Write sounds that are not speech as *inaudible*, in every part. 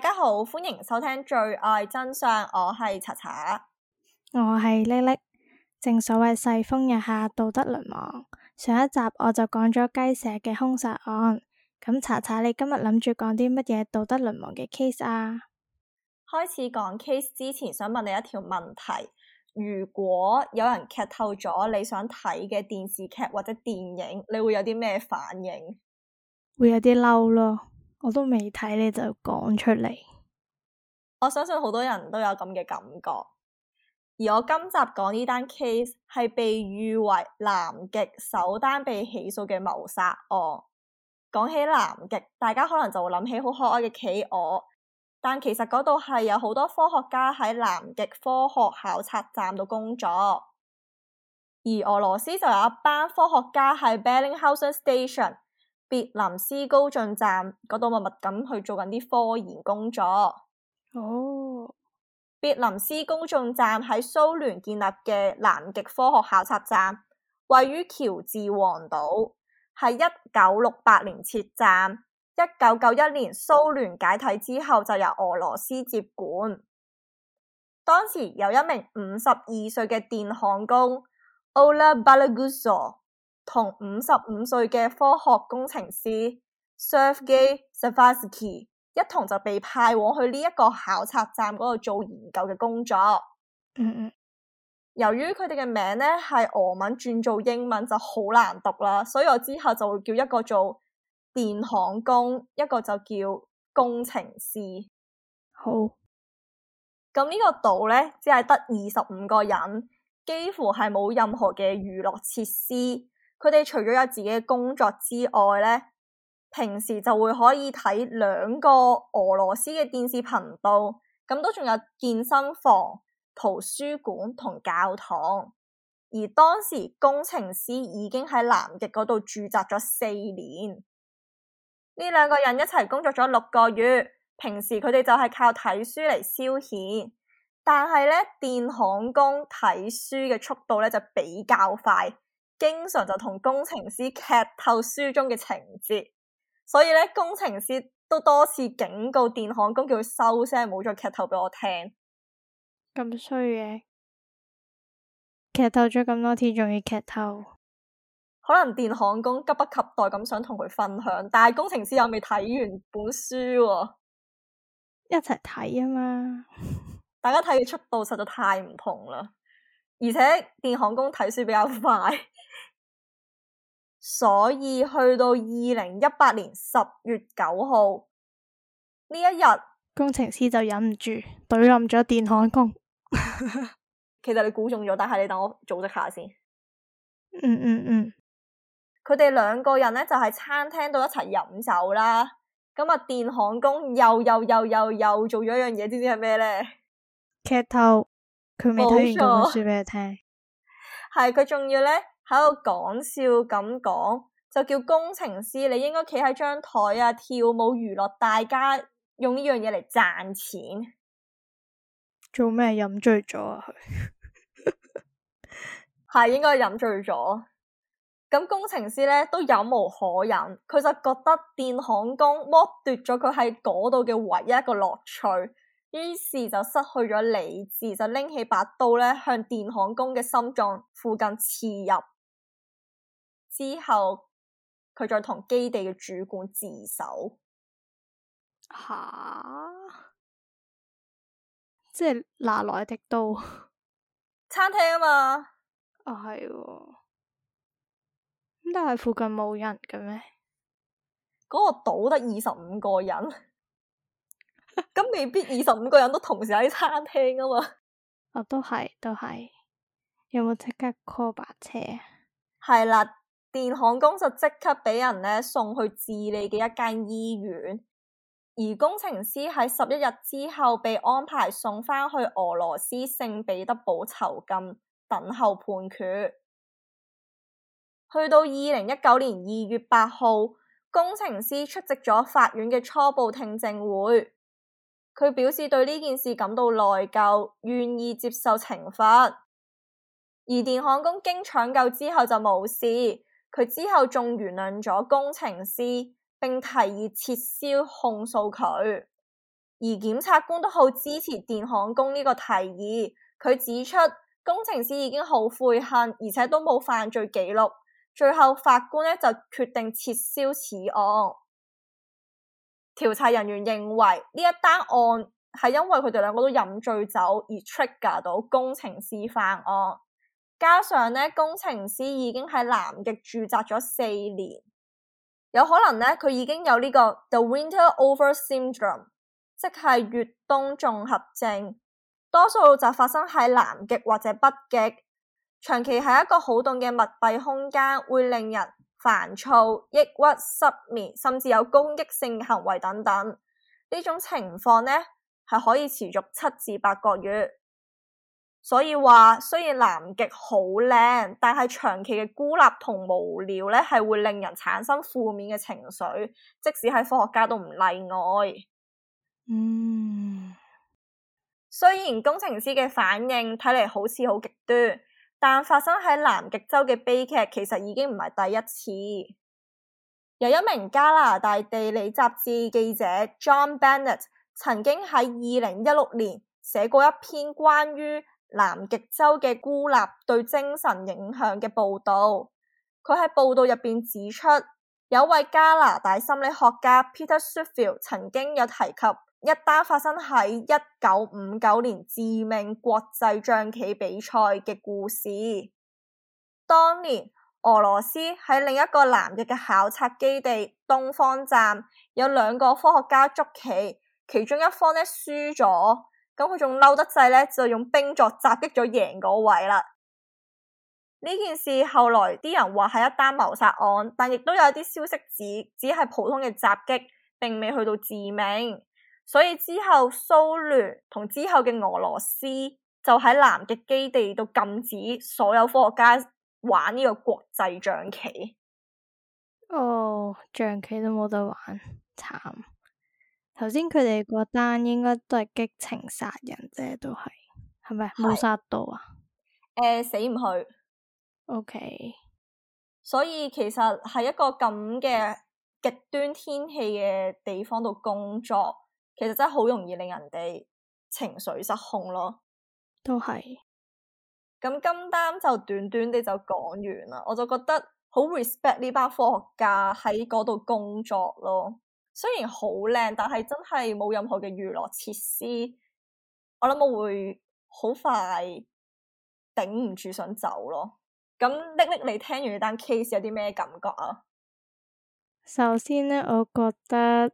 大家好，歡迎收聽罪愛真相，我係查查，我係瀝瀝。正所謂世風日下，道德淪亡。上一集我就講咗雞舍嘅凶殺案。咁查查，你今日諗住講啲乜嘢道德淪亡嘅 case 啊？開始講 case 之前，想問你一條問題：如果有人劇透咗你想睇嘅電視劇或者電影，你會有啲咩反應？會有啲嬲咯。我都未睇你就講出嚟。我相信好多人都有咁嘅感覺，而我今集講呢單 case 係被譽為南極首單被起訴嘅謀殺案。講起南極，大家可能就會諗起好可愛嘅企鵝，但其實嗰度係有好多科學家喺南極科學考察站度工作，而俄羅斯就有一班科學家喺 Bellinghausen Station。別林斯高晉站嗰度默默咁去做緊啲科研工作。哦，別林斯高晉站喺蘇聯建立嘅南極科學考察站，位於喬治王島，喺一九六八年設站，一九九一年蘇聯解體之後就由俄羅斯接管。當時有一名五十二歲嘅電焊工 Oleg Balagusov 同五十五歲嘅科學工程師 Sergey Savitsky 一同就被派往去呢一個考察站嗰度做研究嘅工作。Mm hmm. 由於佢哋嘅名咧，係俄文轉做英文就好難讀啦，所以我之後就會叫一個做電焊工，一個就叫工程師。好。咁呢個島咧，只係得二十五個人，幾乎係冇任何嘅娛樂設施。佢哋除咗有自己嘅工作之外呢，呢平時就會可以睇兩個俄羅斯嘅電視頻道，咁都仲有健身房、圖書館同教堂。而當時工程師已經喺南極嗰度駐紮咗四年，呢兩個人一齊工作咗六個月。平時佢哋就係靠睇書嚟消遣，但係呢電焊工睇書嘅速度呢就比較快。經常就同工程師劇透書中嘅情節，所以咧工程師都多次警告電焊工叫佢收聲，冇再劇透俾我聽。咁衰嘅，劇透咗咁多天，仲要劇透？可能電焊工急不及待咁想同佢分享，但係工程師又未睇完本書、啊。一齊睇啊嘛！ *laughs* 大家睇嘅速度實在太唔同啦，而且電焊工睇書比較快。 *laughs* 所以去到二零一八年十月九號呢一日，工程師就忍唔住懟冧咗電焊工。 *laughs* *laughs* 其實你估中咗，但係你等我組織下先。嗯嗯嗯，佢哋兩個人咧就喺、是、餐廳度一齊飲酒啦。咁啊，電焊工又又又又又，又，又做咗一樣嘢，知唔知係咩咧？劇透，佢未睇完嗰本書俾你聽。係沒錯，佢 *laughs* 仲要咧。喺度講笑咁講，就叫工程師你應該企喺張台啊，跳舞娛樂大家，用呢樣嘢嚟賺錢。做咩飲醉咗啊？佢 *laughs* 係應該飲醉咗。咁工程師咧都忍無可忍，佢就覺得電焊工剝奪咗佢喺嗰度嘅唯一一個樂趣，於是就失去咗理智，就拎起把刀咧，向電焊工嘅心臟附近刺入。之後佢再同基地嘅主管自首，吓，即係拿萊迪都餐廳啊嘛，啊係喎，咁但係附近冇人嘅咩？嗰個島得二十五個人，咁 *laughs* 未必二十五個人都同時喺餐廳啊嘛， *laughs* 我都係都係，有冇即刻 call 白車？係啦。電焊工就即刻畀人咧送去智利嘅一間醫院，而工程師喺十一日之後被安排送返去俄羅斯聖彼得堡囚禁，等候判決。去到二零一九年二月八號，工程師出席咗法院嘅初步聽證會，佢表示對呢件事感到內疚，願意接受懲罰。而電焊工經搶救之後就冇事。佢之後仲原諒咗工程師，並提議撤銷控訴佢，而檢察官都好支持電焊工呢個提議。佢指出，工程師已經好悔恨，而且都冇犯罪記錄。最後法官呢就決定撤銷此案。調查人員認為呢一單案係因為佢哋兩個都飲醉酒而 trigger 到工程師犯案。加上咧，工程師已經喺南極駐紮咗四年，有可能咧佢已經有呢個 The Winter Over Syndrome，即係越冬綜合症。多數就發生喺南極或者北極，長期喺一個好凍嘅密閉空間，會令人煩躁、抑鬱、失眠，甚至有攻擊性行為等等。呢種情況咧係可以持續七至八個月。所以話，雖然南極好靚，但係長期嘅孤立同無聊咧，係會令人產生負面嘅情緒，即使係科學家都唔例外。嗯，雖然工程師嘅反應睇嚟好似好極端，但發生喺南極洲嘅悲劇其實已經唔係第一次。有一名加拿大地理雜誌記者 John Bennett 曾經喺二零一六年寫過一篇關於南極洲嘅孤立對精神影響嘅報道，佢喺報道入邊指出，有位加拿大心理學家 Peter Shufield 曾經有提及一單發生喺一九五九年致命國際象棋比賽嘅故事。當年俄羅斯喺另一個南極嘅考察基地東方站，有兩個科學家捉棋，其中一方呢輸咗。咁佢仲嬲得滯咧，就用冰作襲擊咗贏嗰位啦。呢件事後來啲人話係一單謀殺案，但亦都有啲消息指，只係普通嘅襲擊並未去到致命。所以之後蘇聯同之後嘅俄羅斯就喺南極基地度禁止所有科學家玩呢個國際象棋。哦，象棋都冇得玩，慘。頭先佢哋嗰單應該都係激情殺人啫，都係係咪冇殺到啊？誒、呃，死唔去。OK。所以其實喺一個咁嘅極端天氣嘅地方度工作，其實真係好容易令人哋情緒失控咯。都係是。咁今單就短短地就講完啦，我就覺得好 respect 呢班科學家喺嗰度工作咯。雖然好靚，但係真係冇任何嘅娛樂設施，我諗我會好快頂唔住想走咯。咁，叻叻，你聽完呢單 case 有啲咩感覺啊？首先咧，我覺得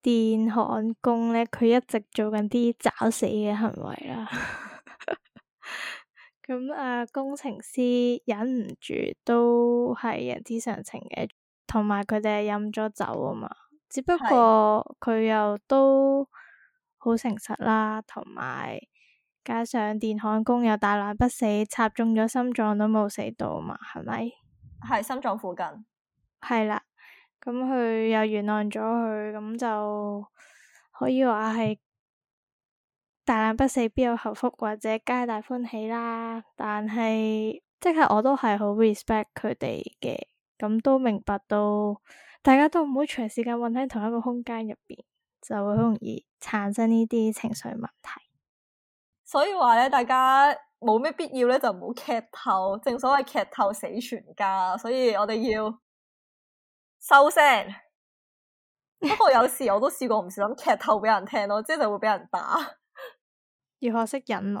電焊工咧，佢一直做緊啲找死嘅行為啦。咁 *laughs* 啊，工程師忍唔住都係人之常情嘅。同埋佢哋係飲咗酒啊嘛，只不過佢又都好誠實啦，同埋加上電焊工又大難不死，插中咗心臟都冇死到嘛，係咪？係心臟附近。係啦，咁佢又原諒咗佢，咁就可以話係大難不死，必有後福，或者皆大歡喜啦。但係即係我都係好 respect 佢哋嘅。咁都明白到，大家都唔好長時間混喺同一個空間入邊，就會好容易產生呢啲情緒問題。所以話咧，大家冇咩必要咧，就唔好劇透。正所謂劇透死全家，所以我哋要收聲。不過有時我都試過唔小心劇透俾人聽咯， *laughs* 即係就會俾人打。要學識忍耐。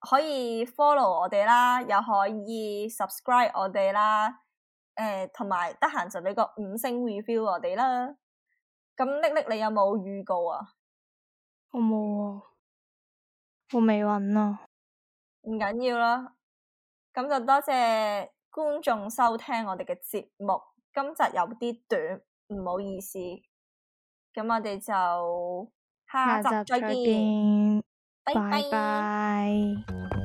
可以 follow 我哋啦，又可以 subscribe 我哋啦，誒、呃，同埋得閒就俾個五星 review 我哋啦。咁、嗯，叻叻你有冇預告啊？我冇啊，我未搵啊。唔緊要啦，咁就多謝觀眾收聽我哋嘅節目。今集有啲短，唔好意思。咁我哋就下集再見。拜拜。